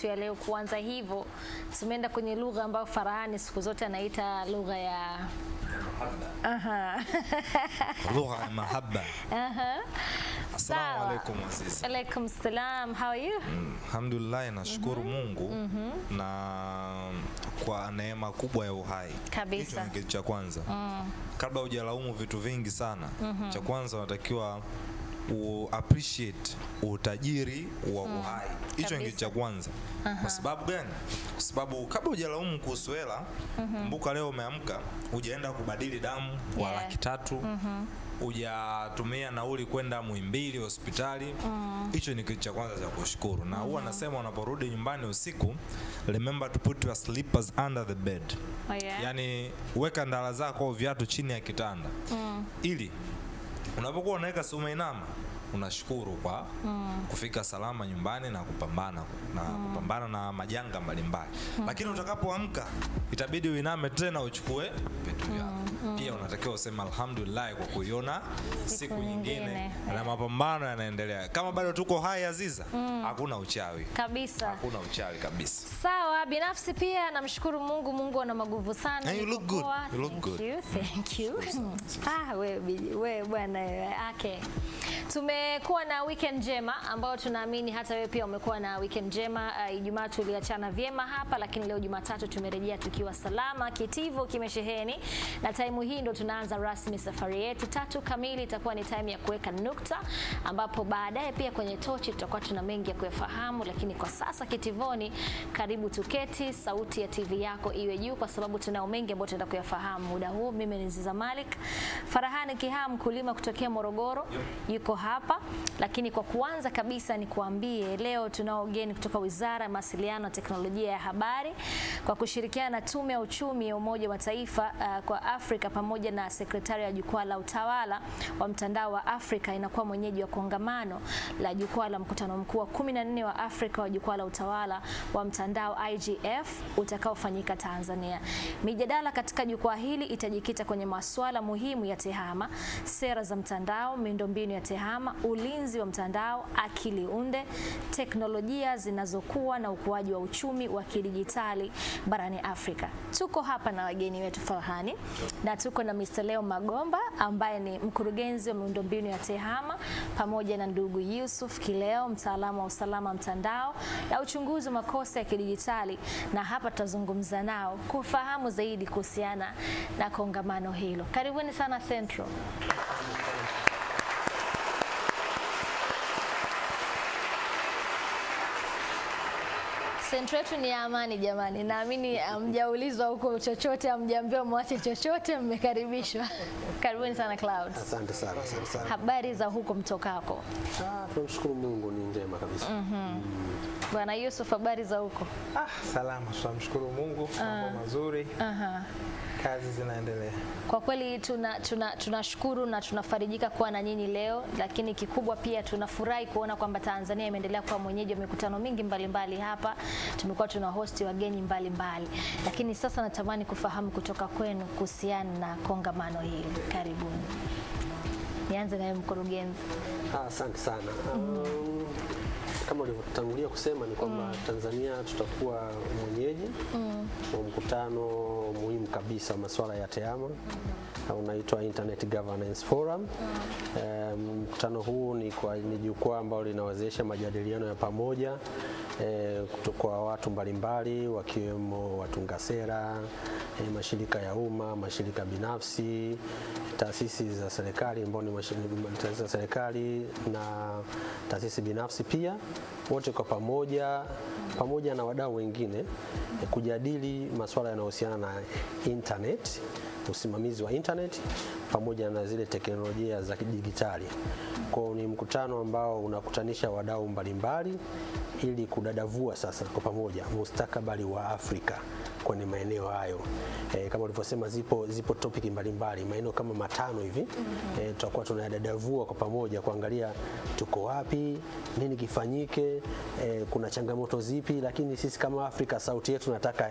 yetu ya leo kuanza hivyo, tumeenda kwenye lugha ambayo Farahani siku zote anaita lugha ya Aha. lugha ya mahaba. Aha. Assalamu alaykum azizi. Alaykum salam. How are you? Mm, alhamdulillah, nashukuru mm-hmm. Mungu mm -hmm. na kwa neema kubwa ya uhai. Kabisa. Kitu cha kwanza. Mm. Kabla hujalaumu vitu vingi sana, mm -hmm. cha kwanza unatakiwa uappreciate utajiri wa hmm, uhai hicho mm. Ndio cha kwanza. Kwa sababu gani? Kwa sababu kabla hujalaumu kuhusu hela, mhm. kumbuka leo umeamka, hujaenda kubadili damu kwa yeah. laki tatu mm hujatumia nauli kwenda Muhimbili hospitali mm. hicho mm. ni kitu cha kwanza cha kushukuru na mm huwa -hmm. nasema unaporudi nyumbani usiku, remember to put your slippers under the bed. Oh, yeah. Yani weka ndala zako viatu chini ya kitanda mm. ili unapokuwa unaweka umeinama unashukuru kwa mm. kufika salama nyumbani na kupambana na mm. kupambana na majanga mbalimbali mm. lakini utakapoamka itabidi uiname tena uchukue vitu mm, vyako mm. pia unatakiwa useme alhamdulillah kwa kuiona siku nyingine, nyingine. na eh. mapambano yanaendelea kama bado tuko hai Aziza mm. hakuna uchawi kabisa hakuna uchawi kabisa sawa binafsi pia namshukuru Mungu Mungu ana maguvu sana you look good you look good thank you, thank you ah wewe wewe bwana okay tume Tumekuwa na weekend njema ambayo tunaamini hata wewe pia umekuwa na weekend njema. Uh, Ijumaa tuliachana vyema hapa, lakini leo Jumatatu tumerejea tukiwa salama, kitivo kimesheheni, na time hii ndo tunaanza rasmi safari yetu. Tatu kamili itakuwa ni time ya kuweka nukta, ambapo baadaye pia kwenye tochi tutakuwa tuna mengi ya kuyafahamu, lakini kwa sasa kitivoni, karibu tuketi, sauti ya TV yako iwe juu, kwa sababu tunao mengi ambayo tunaenda kuyafahamu muda huu. Mimi ni Ziza Malik. Farahani Kiham, mkulima kutokea Morogoro, yuko hapa hapa, lakini kwa kuanza kabisa ni kuambie leo tunao geni kutoka Wizara ya Mawasiliano na Teknolojia ya Habari kwa kushirikiana na Tume ya Uchumi ya Umoja wa Mataifa uh, kwa Afrika pamoja na Sekretari ya Jukwaa la Utawala wa Mtandao wa Afrika inakuwa mwenyeji wa kongamano la Jukwaa la Mkutano Mkuu wa 14 wa Afrika wa Jukwaa la Utawala wa Mtandao IGF utakaofanyika Tanzania. Mijadala katika jukwaa hili itajikita kwenye masuala muhimu ya tehama, sera za mtandao, miundombinu ya tehama, ulinzi wa mtandao, akili unde, teknolojia zinazokuwa na ukuaji wa uchumi wa kidijitali barani Afrika. Tuko hapa na wageni wetu Farhani na tuko na Mr. Leo Magomba ambaye ni mkurugenzi wa miundombinu ya TEHAMA pamoja na ndugu Yusuf Kileo, mtaalamu wa usalama mtandao na uchunguzi wa makosa ya kidijitali, na hapa tutazungumza nao kufahamu zaidi kuhusiana na kongamano hilo. Karibuni sana Central. Sentro yetu ni ya amani jamani, naamini eh, amjaulizwa huko chochote, amjaambiwa mwache chochote, mmekaribishwa. Karibuni sana Clouds. Asante sana, asante sana. Habari za huko mtokako? Ah, tunamshukuru Mungu ni njema kabisa. Mhm. mm -hmm. mm. Bwana Yusuf, habari za huko? Ah, salama, tunamshukuru Mungu, mambo ah. mazuri. Aha. Kazi zinaendelea. Kwa kweli tunashukuru tuna, tuna na tunafarijika kuwa na nyinyi leo, lakini kikubwa pia tunafurahi kuona kwamba Tanzania imeendelea kuwa mwenyeji wa mikutano mingi mbalimbali mbali. Hapa tumekuwa tuna hosti wageni mbalimbali Lakini sasa natamani kufahamu kutoka kwenu kuhusiana na kongamano hili, karibuni. Nianze naye mkurugenzi. Ah, asante sana. mm -hmm kama ulivyotangulia kusema ni kwamba mm. Tanzania tutakuwa mwenyeji mm. wa mkutano muhimu kabisa wa masuala ya TEHAMA mm. unaitwa Internet Governance Forum mm. Mkutano huu ni, ni jukwaa ambalo linawezesha majadiliano ya pamoja eh, kwa watu mbalimbali wakiwemo watunga sera eh, mashirika ya umma, mashirika binafsi taasisi za serikali ambao ni taasisi za serikali na taasisi binafsi pia, wote kwa pamoja pamoja na wadau wengine kujadili masuala yanayohusiana na internet, usimamizi wa internet pamoja na zile teknolojia za kidijitali. Kwa ni mkutano ambao unakutanisha wadau mbalimbali ili kudadavua sasa kwa pamoja mustakabali wa Afrika kwenye maeneo hayo. E, kama ulivyosema zipo, zipo topic mbalimbali maeneo kama matano hivi mm -hmm. E, tutakuwa tunayadadavua kwa pamoja kuangalia tuko wapi, nini kifanyike, e, kuna changamoto zipi, lakini sisi kama Afrika sauti yetu nataka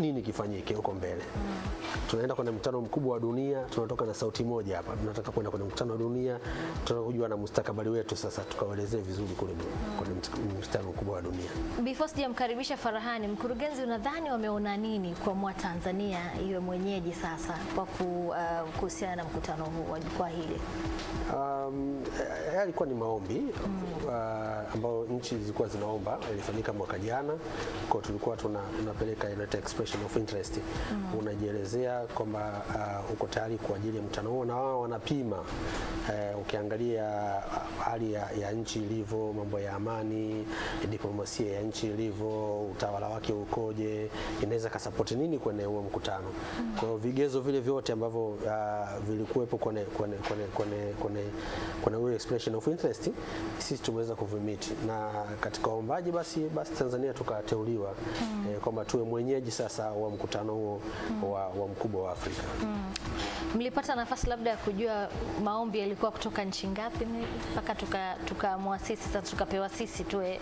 nini kifanyike huko mbele. Tunaenda kwenye mkutano mkubwa wa dunia, tunatoka na sauti moja hapa, tunataka kwenda kwenye mkutano wa dunia, tunataka kujua na mustakabali wetu sasa, tukaelezee vizuri kule kwenye mkutano mkubwa wa dunia. Before sijamkaribisha Farahani, mkurugenzi, unadhani wameona nini kuamua Tanzania iwe mwenyeji sasa kwa uh, kuhusiana na mkutano huu wa jukwaa hili? Um, yalikuwa eh, eh, ni maombi mm. uh, ambayo nchi zilikuwa zinaomba, ilifanyika mwaka jana, kwa tulikuwa tunapeleka tuna declaration of interest mm. -hmm. Unajielezea kwamba uh, uko tayari kwa ajili ya mkutano huo, na wao wanapima uh, ukiangalia uh, hali uh, ya, ya nchi ilivyo, mambo ya amani, diplomasia ya nchi ilivyo, utawala wake ukoje, inaweza kasapoti nini kwenye huo mkutano mm. -hmm. Kwa hiyo vigezo vile vyote ambavyo uh, vilikuwepo kwenye kwenye kwenye kwenye kwenye hiyo expression of interest sisi tumeweza kuvimit na katika ombaji basi basi Tanzania tukateuliwa mm. -hmm. eh, kwamba tuwe mwenyeji sasa hasa wa mkutano huo mm. wa, wa mkubwa wa Afrika mm. Mlipata nafasi labda ya kujua maombi yalikuwa kutoka nchi ngapi mpaka tukaamua tuka sasa tukapewa sisi tuwe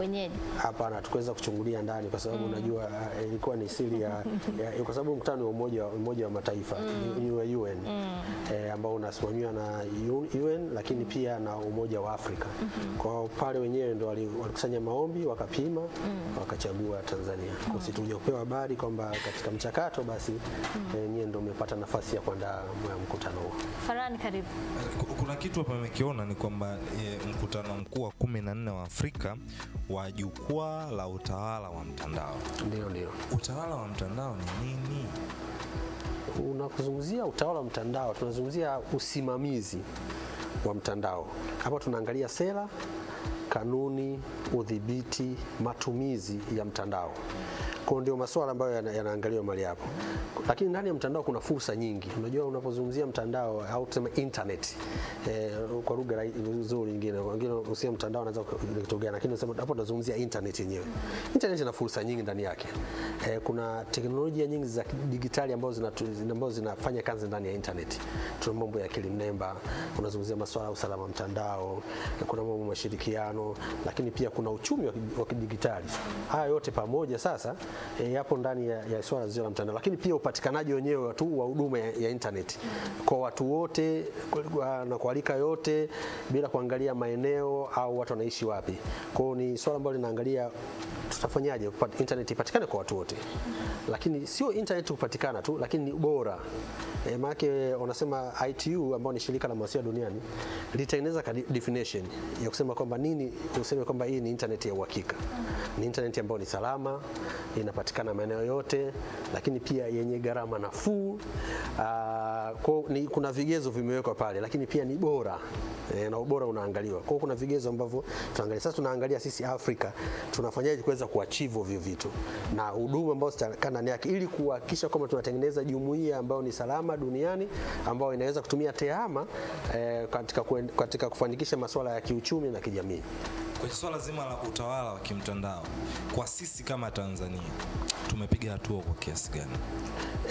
wenyeji? Hapana, tukuweza kuchungulia ndani kwa sababu mm. unajua eh, ilikuwa ni siri ya, ya kwa sababu mkutano wa umoja, umoja wa mataifa mm. UN mm. e, ambao unasimamiwa na UN lakini mm. pia na Umoja wa Afrika mm -hmm. Kwa pale wenyewe ndio walikusanya maombi wakapima mm. wakachagua Tanzania mm. kusi tulija kupewa habari kwamba katika mchakato basi mm. e, eh, nyewe ndio umepata nafasi ya kuandaa mkutano huo. Farani, karibu. Kuna kitu hapa nimekiona ni kwamba e, mkutano mkuu wa 14 wa Afrika wa jukwaa la utawala wa mtandao. Ndio, ndio. Utawala wa mtandao ni nini? Unakuzungumzia utawala wa mtandao, tunazungumzia usimamizi wa mtandao. Hapa tunaangalia sera, kanuni, udhibiti, matumizi ya mtandao. Kwa ndio masuala ambayo yanaangaliwa mahali hapo, lakini ndani ya mtandao kuna fursa nyingi. Unajua, unapozungumzia mtandao au tuseme internet eh, kwa lugha nzuri nyingine, wengine usiye mtandao anaweza kutogea, lakini nasema hapo tunazungumzia internet yenyewe. Internet ina fursa nyingi ndani yake. Eh, kuna teknolojia nyingi za digitali ambazo ambazo zinafanya kazi ndani ya internet. Tuna mambo ya akili mnemba, unazungumzia masuala ya usalama mtandao, kuna mambo mashirikiano, lakini pia kuna uchumi wa kidigitali. Haya yote pamoja sasa e, yapo ndani ya, ya swala zio la mtandao, lakini pia upatikanaji wenyewe tu wa huduma ya, ya intaneti kwa watu wote na kwa yote bila kuangalia maeneo au watu wanaishi wapi. Kwa ni swala ambalo linaangalia tutafanyaje internet ipatikane kwa watu wote, lakini sio internet kupatikana tu, lakini ni bora e, eh, maana wanasema ITU ambao ni shirika la mawasiliano duniani litengeneza definition ya kusema kwamba nini, useme kwamba hii ni internet ya uhakika, ni internet ambayo ni salama, inapatikana maeneo yote, lakini pia yenye gharama nafuu. Ah, kwa ni kuna vigezo vimewekwa pale, lakini pia ni bora e, na ubora unaangaliwa. Kwa kuna vigezo ambavyo tunaangalia sasa, tunaangalia sisi Afrika tunafanyaje kuweza kuachieve hivyo vitu na huduma ambazo zitakaa ndani yake, ili kuhakikisha kwamba tunatengeneza jumuiya ambayo ni salama duniani ambayo inaweza kutumia tehama eh, katika, katika kufanikisha masuala ya kiuchumi na kijamii. Kwenye swala zima la utawala wa kimtandao kwa sisi kama Tanzania tumepiga hatua kwa kiasi gani?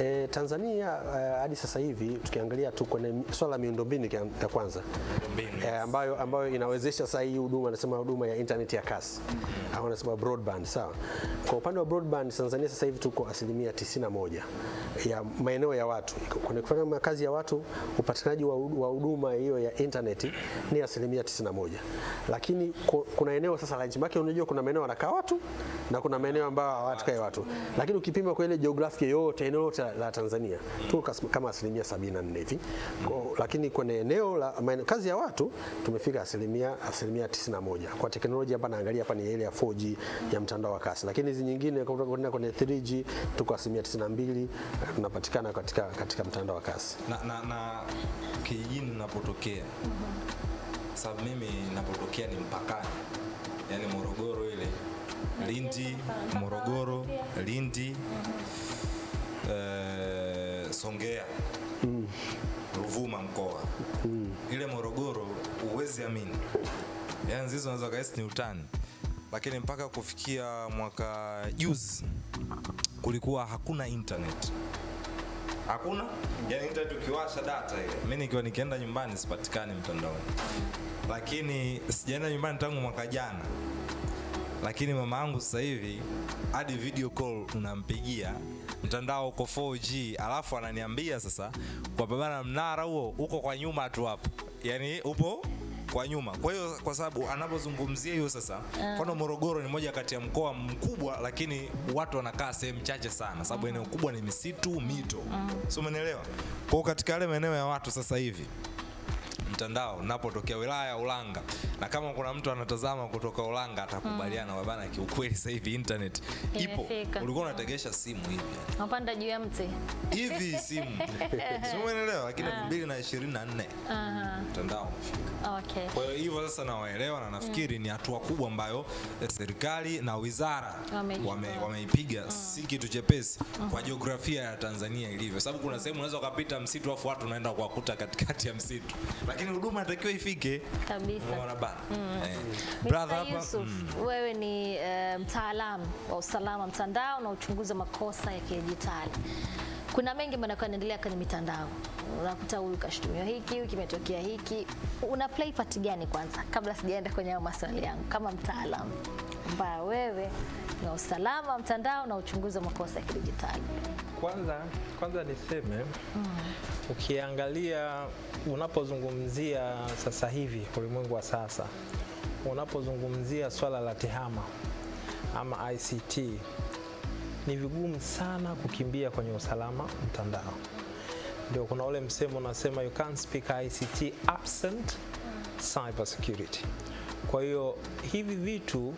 E, Tanzania e, hadi uh, sasa hivi tukiangalia tu kwenye swala la miundombinu ya kwanza e, ambayo, ambayo inawezesha sasa hii huduma nasema huduma ya internet ya kasi mm -hmm. au anasema broadband sawa. Kwa upande wa broadband Tanzania sasa hivi tuko asilimia 91 ya maeneo ya watu kwenye kufanya makazi ya watu, upatikanaji wa huduma hiyo ya internet ni asilimia 91, lakini kuna eneo sasa la nchi yake, unajua kuna maeneo wanakaa watu na kuna maeneo ambayo hawatakai watu, lakini ukipima kwa ile geography yote eneo lote la Tanzania tu kama asilimia 74 hivi, lakini kwenye eneo la kazi ya watu tumefika asilimia 91. Kwa teknolojia hapa naangalia hapa ni ile ya 4G ya mtandao wa kasi, lakini hizi nyingine kuna kwenye 3G tuko asilimia 92 tunapatikana katika, katika mtandao wa kasi na, na, na kijijini napotokea sababu mimi napotokea ni mpakani, yaani Morogoro ile Lindi, Morogoro, Lindi, uh, Songea, mm. Ruvuma mkoa mm. Ile Morogoro uwezi amini, yaani zizo naweza kaesi ni utani, lakini mpaka kufikia mwaka juzi kulikuwa hakuna internet hakuna yani, internet ukiwasha data ile, mimi nikiwa nikienda nyumbani sipatikani mtandao, lakini sijaenda nyumbani tangu mwaka jana lakini mama yangu sasa hivi hadi video call unampigia, mtandao uko 4G, alafu ananiambia sasa, kwa baba mnara huo uko kwa nyuma tu hapo, yani upo kwa nyuma. Kwa hiyo kwa sababu anapozungumzia hiyo sasa, ah. mfano Morogoro ni moja kati ya mkoa mkubwa, lakini watu wanakaa sehemu chache sana, sababu ah. eneo kubwa ni misitu, mito, ah. si umeelewa? Kwa hiyo katika yale maeneo ya watu sasa hivi mtandao napotokea wilaya ya Ulanga, na kama kuna mtu anatazama kutoka Ulanga atakubaliana mm. Bana, kiukweli sasa hivi internet ipo, ulikuwa unategesha simu hivi unapanda juu ya mti hivi simu simuelewa, lakini 2024 ah. mtandao Okay, kwa hiyo hivyo sasa nawaelewa na nafikiri mm. ni hatua kubwa ambayo eh, serikali na wizara wameipiga, wame wame mm. si kitu chepesi mm. kwa jiografia ya Tanzania ilivyo, sababu kuna sehemu unaweza ukapita msitu afu watu unaenda kuwakuta katikati ya msitu lakini yani huduma inatakiwa ifike kabisa. Mm. Eh. Brother hapa, mm. wewe ni uh, mtaalamu wa usalama mtandao na uchunguzi wa makosa ya kidijitali kuna mengi manakuwa yanaendelea kwenye mitandao, unakuta huyu kashtumiwa hiki, huyu kimetokea hiki. Una play part gani kwanza, kabla sijaenda kwenye hayo maswali yangu kama mtaalamu ambaye wewe na usalama mtandao na uchunguzi wa makosa ya kidijitali? Kwanza kwanza niseme mm. Ukiangalia unapozungumzia sasa hivi ulimwengu wa sasa, unapozungumzia swala la tehama ama ICT ni vigumu sana kukimbia kwenye usalama mtandao. Ndio kuna ule msemo unasema you can't speak ICT absent cyber security. Kwa hiyo hivi vitu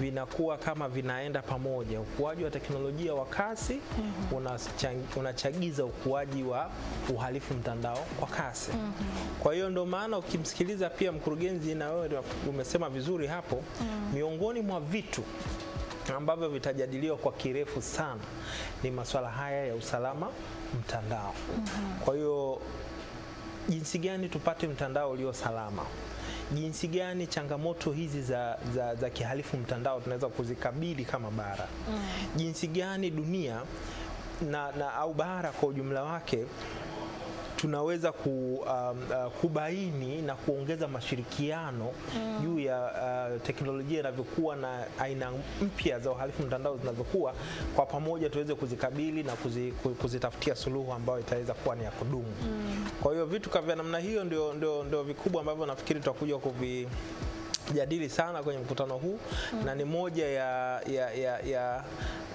vinakuwa kama vinaenda pamoja. Ukuaji wa teknolojia wa kasi mm -hmm. unachagiza ukuaji wa uhalifu mtandao kwa kasi mm -hmm. Kwa hiyo ndio maana ukimsikiliza pia mkurugenzi, na wewe umesema vizuri hapo mm -hmm. miongoni mwa vitu ambavyo vitajadiliwa kwa kirefu sana ni masuala haya ya usalama mtandao. mm -hmm. Kwa hiyo jinsi gani tupate mtandao ulio salama, jinsi gani changamoto hizi za, za, za kihalifu mtandao tunaweza kuzikabili kama bara. mm -hmm. Jinsi gani dunia na, na au bara kwa ujumla wake tunaweza ku, um, uh, kubaini na kuongeza mashirikiano mm. juu mm. ya uh, teknolojia inavyokuwa na aina mpya za uhalifu mtandao zinazokuwa, kwa pamoja tuweze kuzikabili na kuzi, kuzitafutia suluhu ambayo itaweza kuwa ni ya kudumu mm. Kwa hiyo vitu vya namna hiyo ndio, ndio, ndio vikubwa ambavyo nafikiri tutakuja kuvi jadili sana kwenye mkutano huu mm. na ni moja ya, ya, ya, ya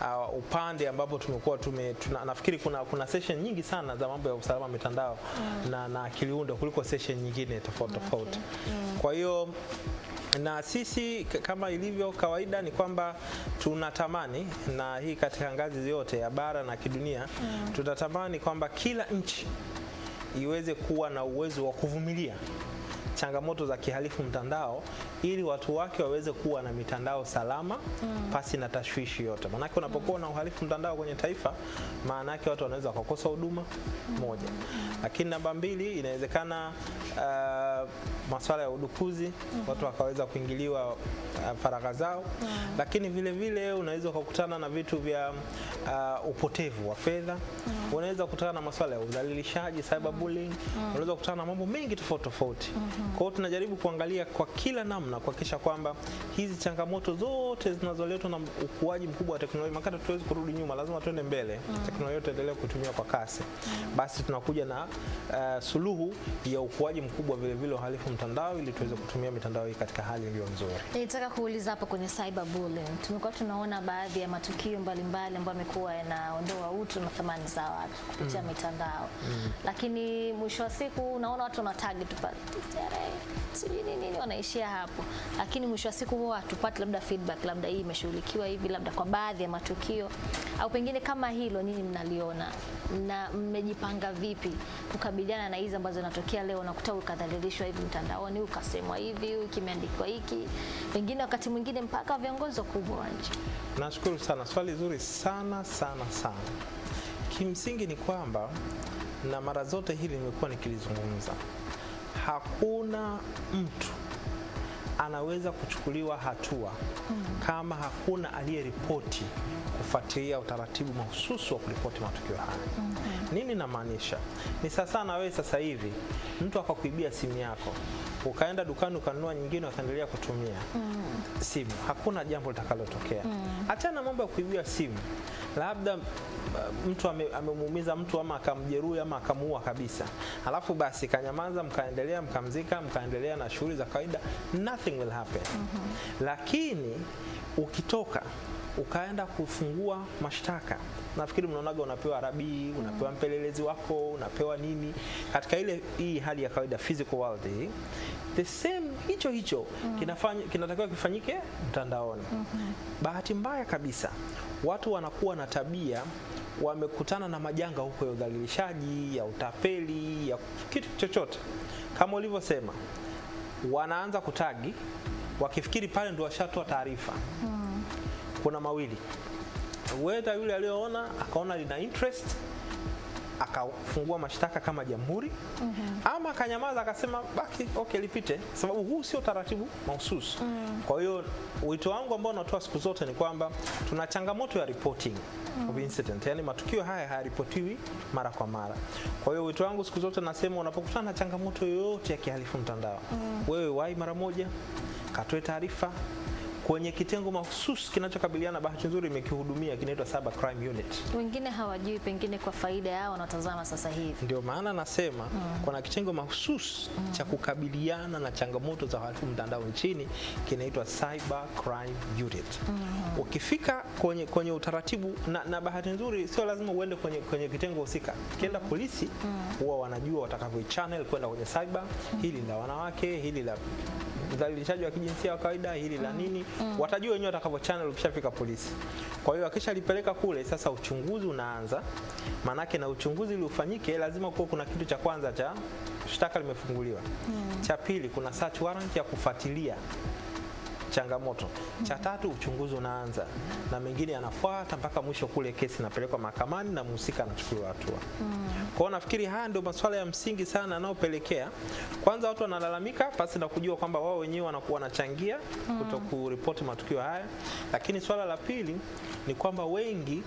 uh, upande ambapo tumekuwa tume, tuna, nafikiri kuna, kuna session nyingi sana za mambo ya usalama mitandao mm. na, na akiliundo kuliko session nyingine tofauti mm, tofauti okay. mm. kwa hiyo na sisi kama ilivyo kawaida ni kwamba tunatamani na hii katika ngazi yote ya bara na kidunia mm. tunatamani kwamba kila nchi iweze kuwa na uwezo wa kuvumilia changamoto za kihalifu mtandao ili watu wake waweze kuwa na mitandao salama mm. pasi na tashwishi yote. Maanake unapokuwa mm. na uhalifu mtandao kwenye taifa, maana yake watu wanaweza wakakosa huduma mm. moja, lakini namba mbili, inawezekana uh, masuala ya udukuzi mm. watu wakaweza kuingiliwa uh, faragha zao mm. lakini vile vile unaweza ukakutana na vitu vya uh, upotevu wa fedha mm unaweza kukutana na masuala ya udhalilishaji, cyberbullying, mm. Mm-hmm. Mm-hmm. unaweza kukutana na mambo mengi tofauti tofauti. Mm -hmm. Kwa hiyo tunajaribu kuangalia kwa kila namna kuhakikisha kwamba hizi changamoto zote zinazoletwa na ukuaji mkubwa wa teknolojia, makata tuwezi kurudi nyuma, lazima tuende mbele. Mm. Teknolojia itaendelea kutumia kwa kasi. Mm. Basi tunakuja na uh, suluhu ya ukuaji mkubwa vile vile uhalifu mtandao ili tuweze kutumia mitandao hii katika hali iliyo nzuri. Nilitaka kuuliza hapo kwenye cyberbullying. Tumekuwa tunaona baadhi ya matukio mbalimbali ambayo yamekuwa yanaondoa utu na thamani zao watu kupitia mm. mitandao mm. lakini mwisho wa siku unaona watu wana tag tu nini nini, wanaishia hapo, lakini mwisho wa siku huwa hatupati labda feedback, labda hii imeshughulikiwa hivi, labda kwa baadhi ya matukio au pengine kama hilo, nini mnaliona na mmejipanga vipi kukabiliana na hizi ambazo zinatokea leo? Unakuta ukadhalilishwa hivi mtandaoni, ukasemwa hivi, ukimeandikwa hiki, pengine wakati mwingine mpaka viongozi wakubwa wa nchi. Nashukuru sana, swali zuri sana sana sana kimsingi ni kwamba, na mara zote hili nimekuwa nikilizungumza, hakuna mtu anaweza kuchukuliwa hatua kama hakuna aliyeripoti kufuatilia utaratibu mahususi wa kuripoti matukio haya. Mhm. Nini namaanisha? Ni sasa na wewe sasa hivi mtu akakuibia simu yako ukaenda dukani ukanunua nyingine ukaendelea kutumia mm. simu, hakuna jambo litakalotokea. Achana mhm. mm. mambo ya kuibia simu, labda uh, mtu amemuumiza ame mtu ama akamjeruhi ama akamuua kabisa, alafu basi kanyamaza, mkaendelea mkamzika, mkaendelea na shughuli za kawaida nothing nothing will happen. Mm -hmm. Lakini ukitoka ukaenda kufungua mashtaka, nafikiri mnaonaga unapewa rabii, unapewa mm. mpelelezi wako, unapewa nini katika ile hii hali ya kawaida physical world hii the same hicho hicho mm. kinafanya kinatakiwa kifanyike mtandaoni. mm -hmm. Bahati mbaya kabisa watu wanakuwa na tabia, wamekutana na majanga huko ya udhalilishaji, ya utapeli, ya kitu chochote kama ulivyosema wanaanza kutagi wakifikiri pale ndio washatoa taarifa hmm. Kuna mawili, weta yule aliyoona akaona lina interest akafungua mashtaka kama jamhuri mm -hmm. ama akanyamaza akasema baki okay, lipite, sababu huu sio taratibu mahususi mm -hmm. Kwa hiyo wito wangu ambao natoa siku zote ni kwamba tuna changamoto ya reporting mm -hmm. of incident, yani matukio haya hayaripotiwi mara kwa mara. Kwa hiyo wito wangu siku zote nasema unapokutana na changamoto yoyote ya kihalifu mtandao mm -hmm. wewe wai mara moja, katoe taarifa kwenye kitengo mahususi kinachokabiliana bahati nzuri imekihudumia kinaitwa Cyber Crime Unit. Wengine hawajui pengine kwa faida yao wanatazama sasa hivi. Ndio maana nasema mm. kuna kitengo mahususi mm. cha kukabiliana na changamoto za uhalifu mtandao nchini kinaitwa Cyber Crime Unit. Mm. Ukifika kwenye, kwenye utaratibu na, na bahati nzuri sio lazima uende kwenye, kwenye kitengo husika. Ukienda mm. polisi hmm. huwa mm. wanajua watakavyo channel kwenda kwenye cyber, hmm. hili la wanawake, hili la udhalilishaji wa kijinsia wa kawaida hili la mm. nini, mm. watajua wenyewe watakavyo channel ukishafika polisi. Kwa hiyo akishalipeleka kule, sasa uchunguzi unaanza, manake na uchunguzi ili ufanyike lazima kuwa kuna kitu cha kwanza cha shtaka limefunguliwa, mm. cha pili kuna search warrant ya kufuatilia changamoto. Cha tatu, uchunguzi unaanza na mengine yanafuata mpaka mwisho kule kesi inapelekwa mahakamani na mhusika anachukuliwa hatua. Kwa hiyo nafikiri haya ndio masuala ya msingi sana yanayopelekea kwanza watu wanalalamika pasi na kujua kwamba wao wenyewe wanakuwa wanachangia kuto kuripoti matukio haya, lakini swala la pili ni kwamba wengi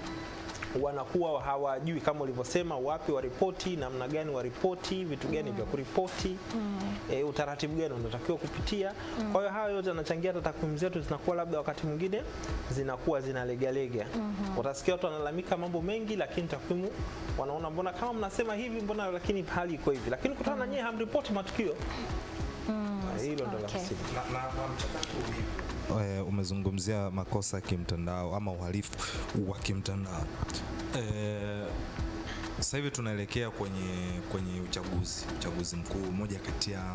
wanakuwa hawajui kama ulivyosema, wapi waripoti, namna gani waripoti, vitu gani mm. vya mm. kuripoti mm. e, utaratibu gani unatakiwa kupitia mm. Kwa hiyo hayo yote yanachangia hata takwimu zetu zinakuwa labda wakati mwingine zinakuwa zinalegalega mm -hmm. Utasikia watu wanalalamika mambo mengi, lakini takwimu wanaona mbona kama mnasema hivi, mbona lakini hali iko hivi, lakini kutana mm. nanyewe hamripoti matukio mm. Hilo ndo la msingi na na, na, e, umezungumzia makosa ya kimtandao ama uhalifu wa kimtandao e, sasa hivi tunaelekea kwenye, kwenye uchaguzi uchaguzi mkuu, moja kati ya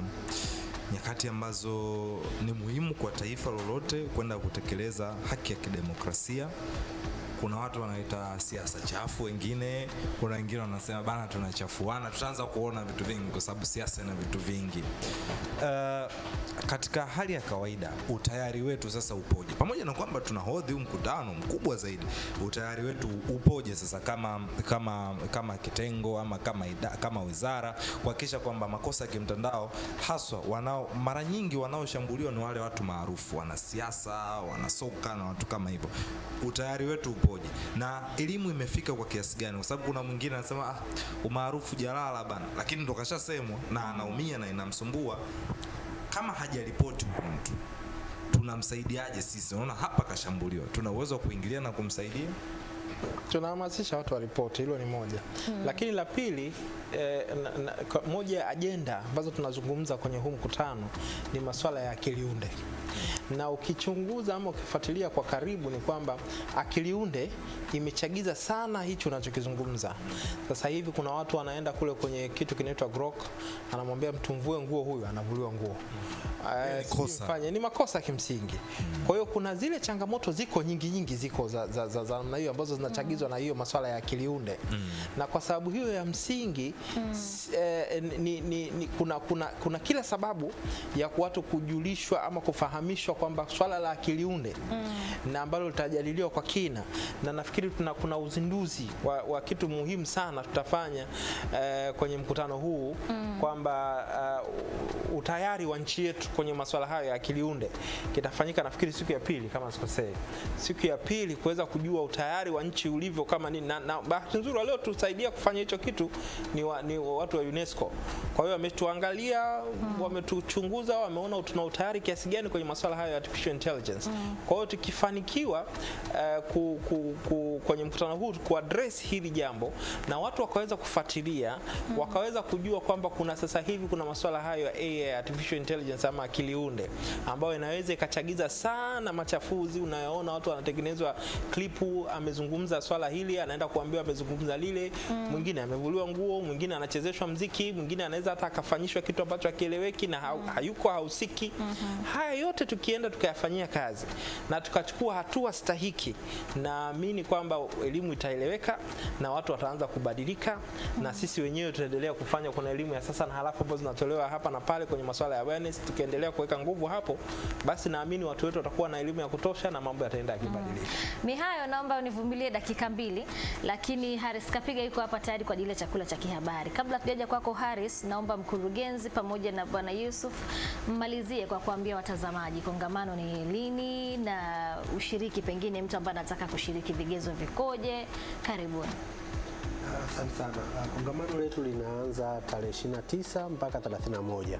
nyakati ambazo ni muhimu kwa taifa lolote kwenda kutekeleza haki ya kidemokrasia kuna watu wanaita siasa chafu, wengine kuna wengine wanasema bana, tunachafuana. Tutaanza kuona vitu vingi, kwa sababu siasa ina vitu vingi. Uh, katika hali ya kawaida utayari wetu sasa upoje? Pamoja na kwamba tunahodhi huu mkutano mkubwa zaidi, utayari wetu upoje sasa kama, kama, kama kitengo ama kama, ida, kama wizara kuhakikisha kwamba makosa ya kimtandao haswa wanao mara nyingi wanaoshambuliwa ni wale watu maarufu, wanasiasa, wanasoka na watu kama hivyo. Utayari wetu upoje? ipoje na elimu imefika kwa kiasi gani, kwa sababu kuna mwingine anasema ah, umaarufu jalala bana, lakini ndo kashasemwa na anaumia na inamsumbua. Kama hajaripoti huyu mtu tunamsaidiaje sisi? Unaona hapa kashambuliwa, tuna uwezo wa kuingilia na kumsaidia tunahamasisha watu waripoti, hilo ni moja hmm. Lakini la pili eh, moja ya ajenda ambazo tunazungumza kwenye huu mkutano ni masuala ya kiliunde na ukichunguza ama ukifuatilia kwa karibu ni kwamba akiliunde imechagiza sana hicho unachokizungumza. Sasa hivi kuna watu wanaenda kule kwenye kitu kinaitwa grok, anamwambia mtumvue nguo huyu, anavuliwa nguo. Uh, mfanye ni makosa kimsingi. Kwa hiyo kuna zile changamoto ziko nyingi nyingi ziko za namna za, za, za, hiyo ambazo zinachagizwa mm. na hiyo masuala ya akili mm. na kwa sababu hiyo ya msingi mm. eh, ni, ni, ni, kuna, kuna, kuna kila sababu ya watu kujulishwa ama kufahamu tunafahamishwa kwamba swala la akiliunde mm. na ambalo litajadiliwa kwa kina, na nafikiri tuna kuna uzinduzi wa, wa kitu muhimu sana tutafanya eh, kwenye mkutano huu mm. kwamba uh, utayari wa nchi yetu kwenye masuala hayo ya akiliunde kitafanyika nafikiri siku ya pili kama sikosei, siku ya pili kuweza kujua utayari wa nchi ulivyo kama nini, na, na bahati nzuri waliotusaidia kufanya hicho kitu ni, wa, ni wa watu wa UNESCO. Kwa hiyo wametuangalia, mm. wametuchunguza, wameona tuna utayari kiasi gani kwenye masuala haya ya artificial intelligence. Mm. Kwa hiyo tukifanikiwa uh, ku, ku, ku, kwenye mkutano huu ku address hili jambo na watu wakaweza kufuatilia mm. wakaweza kujua kwamba kuna sasa hivi kuna masuala hayo ya AI artificial intelligence ama akili unde ambayo inaweza ikachagiza sana machafuzi unayoona watu wanatengenezwa klipu, amezungumza swala hili, anaenda kuambiwa amezungumza lile, mm. mwingine amevuliwa nguo, mwingine anachezeshwa mziki, mwingine anaweza hata akafanyishwa kitu ambacho akieleweki na hayuko hausiki mm -hmm. Haya yote yote tukienda tukayafanyia kazi na tukachukua hatua stahiki, naamini kwamba elimu itaeleweka na watu wataanza kubadilika mm -hmm. na mm-hmm. sisi wenyewe tutaendelea kufanya. Kuna elimu ya sasa na halafu ambazo zinatolewa hapa na pale kwenye masuala ya awareness, tukiendelea kuweka nguvu hapo, basi naamini watu wetu watakuwa na elimu ya kutosha na mambo yataenda yakibadilika. Mm. Mihayo, naomba univumilie dakika mbili, lakini Haris Kapiga yuko hapa tayari kwa ajili ya chakula cha kihabari. Kabla tujaja kwako Haris, naomba mkurugenzi pamoja na Bwana Yusuf mmalizie kwa kuambia watazamaji mtazamaji, kongamano ni lini na ushiriki, pengine mtu ambaye anataka kushiriki vigezo vikoje? Karibuni. Asante sana. Ah, kongamano letu linaanza tarehe 29 mpaka 31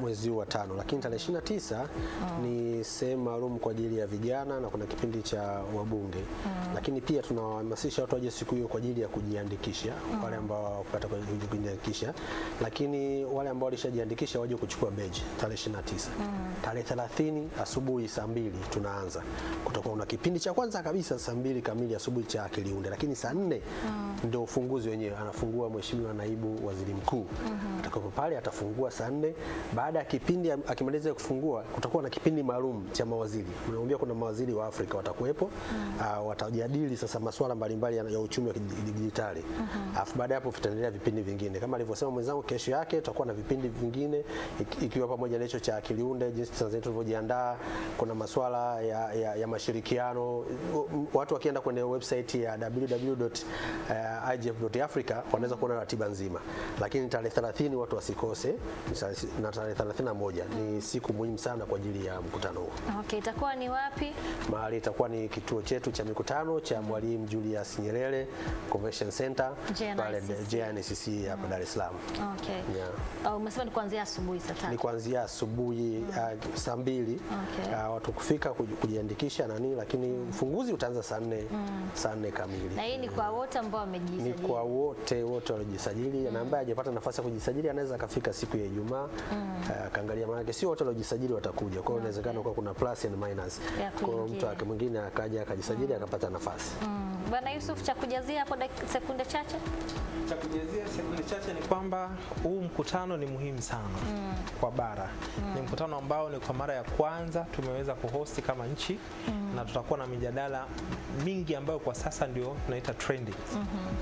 mwezi wa tano, lakini tarehe 29 mm. ni sehemu maalum kwa ajili ya vijana na kuna kipindi cha wabunge mm. lakini pia tunawahamasisha watu waje siku hiyo kwa ajili ya kujiandikisha mm. wale ambao wakupata kujiandikisha, lakini wale ambao walishajiandikisha waje kuchukua beji tarehe 29 mm. tarehe 30 asubuhi saa mbili tunaanza, kutakuwa na kipindi cha kwanza kabisa saa mbili kamili asubuhi cha Kiliunde, lakini saa nne mm ndio ufunguzi wenyewe, anafungua mheshimiwa naibu waziri mkuu mm -hmm. atakapo pale atafungua saa nne. Baada ya kipindi, akimaliza kufungua, kutakuwa na kipindi maalum cha mawaziri. Unaambia kuna mawaziri wa Afrika watakuwepo mm -hmm. uh, watajadili sasa masuala mbalimbali ya, uchumi wa kidijitali mm -hmm. baada ya hapo vitaendelea vipindi vingine kama alivyosema mwenzangu, kesho yake tutakuwa na vipindi vingine ikiwa pamoja na hicho cha Akiliunde, jinsi Tanzania tulivyojiandaa. Kuna masuala ya, ya, ya mashirikiano, watu wakienda kwenye website ya www IGF dot Africa wanaweza kuona ratiba nzima, lakini tarehe 30 watu wasikose, na tarehe 31 ni siku muhimu sana kwa ajili ya mkutano huu. Okay, itakuwa ni wapi? Mahali itakuwa ni kituo chetu cha mikutano cha Mwalimu Julius Nyerere Convention Center pale JNCC hapa Dar es Salaam. Okay. Yeah. Uh, Umesema ni kuanzia asubuhi saa tatu. Ni kuanzia asubuhi mm. uh, saa 2. Uh, watu kufika kujiandikisha na nini, lakini mfunguzi mm. utaanza saa 4 mm. saa 4 kamili. Na hii ni kwa wote ambao wameji ni kwa wote wote waliojisajili mm. na ambaye hajapata nafasi ya kujisajili anaweza akafika siku ya Ijumaa mm. Eh, akaangalia, mm. uh, maana sio wote waliojisajili watakuja, kwa hiyo mm. inawezekana okay. kuna plus and minus, kwa hiyo mtu wake mwingine akaja akajisajili mm. akapata nafasi mm. Bwana Yusuf, cha kujazia hapo sekunde chache cha kujazia sekunde chache ni kwamba huu mkutano ni muhimu sana mm. kwa bara mm. ni mkutano ambao ni kwa mara ya kwanza tumeweza kuhosti kama nchi mm. na tutakuwa na mijadala mingi ambayo kwa sasa ndio tunaita trending mm -hmm.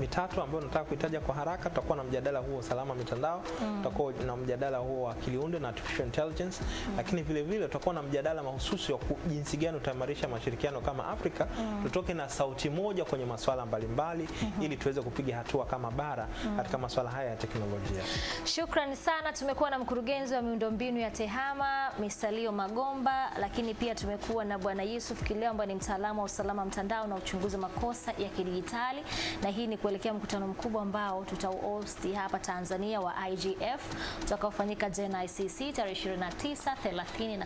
mitatu ambayo nataka kuitaja kwa haraka. Tutakuwa na mjadala huo salama mitandao, mm. tutakuwa mm. na mjadala huo wa akili unde na artificial intelligence mm. lakini vile vile tutakuwa na mjadala mahususi wa jinsi gani utaimarisha mashirikiano kama Afrika mm. tutoke na sauti moja kwenye masuala mbalimbali mm -hmm. ili tuweze kupiga hatua kama bara mm. katika mm. masuala haya ya teknolojia. Shukrani sana. Tumekuwa na mkurugenzi wa miundombinu ya TEHAMA Mr. Leo Magomba, lakini pia tumekuwa na Bwana Yusuf Kileo ambaye ni mtaalamu wa usalama mtandao na uchunguzi wa makosa ya kidijitali na hii ni kuelekea mkutano mkubwa ambao tutauhosti hapa Tanzania wa IGF utakaofanyika JNICC tarehe 29, 30 na